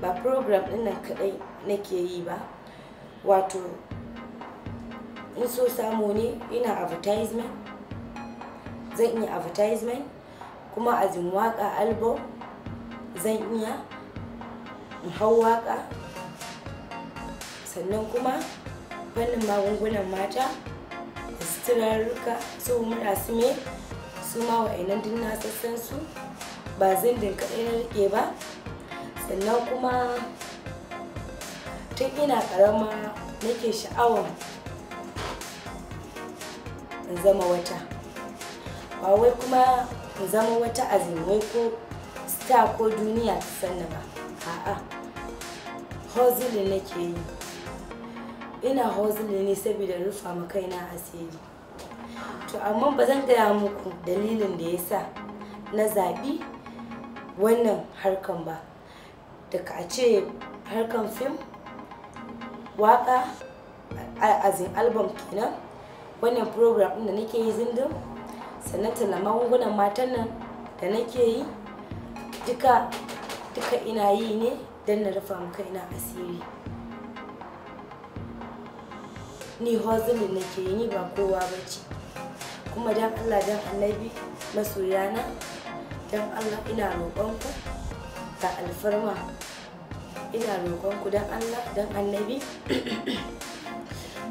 ba program ɗin nan kaɗai nake yi ba wato in so samu ne ina advertisement zan iya advertisement kuma azin waka album zan iya hau waka sannan kuma fannin magungunan mata da suturarruka su mura su me su ma wa'annan duk na sassan su ba zan kaɗai na rike ba sannan kuma tun ina ƙarama nake sha'awar in zama wata ba wai kuma in zama wata azimai ko star ko duniya ta sanna ba a'a hozili nake yi ina hozili ne saboda rufa ma kaina asiri to amma ba zan gaya muku dalilin da ya sa na zaɓi wannan harkan ba daga a ce harkan fim waka azin album kenan wannan program inda da nake yi zindin sannan tana magungunan matan nan da nake yi duka ina yi ne don na rufa muka ina asiri ni hozili nake yi ni ba kowa ba ce kuma don allah don annabi masoyana don allah ina roƙonku ta alfarma ina roƙon ku don Allah dan annabi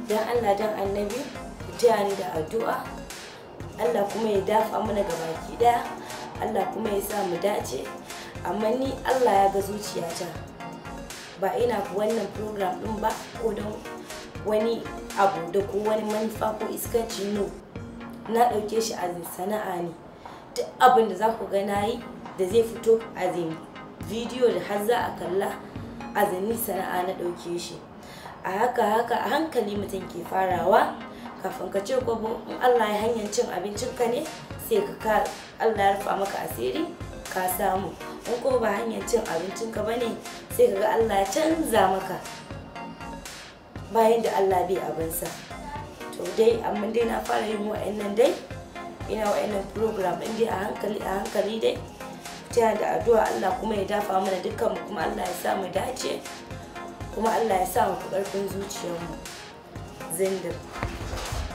don Allah don annabi jiya ni da addu'a Allah kuma ya dafa mana ga baki ɗaya Allah kuma ya sa mu dace amma ni Allah ya ga zuciya ta ba ina ku wannan program ɗin ba ko don wani abu da ko wani manufa ko iskanci no na ɗauke shi a sana'a ne duk abin da za ku ga nayi da zai fito a bidiyo da har za a kalla a sana'a na ɗauke shi a haka haka a hankali mutum ke farawa kafin ka ce kwabo in allah ya hanyar cin abincin ka ne sai ka allah ya rufa maka asiri ka samu in ko ba hanyar cin abincin ka bane sai ka ga allah ya canza maka bayan da allah bai abinsa to dai amma dai na fara yin wa'annan dai ina wa'annan program in dai a hankali a hankali dai taya da addu'a Allah kuma ya dafa mana dukkan mu kuma Allah ya sa mu dace kuma Allah ya sa mu karfin zuciyarmu zindir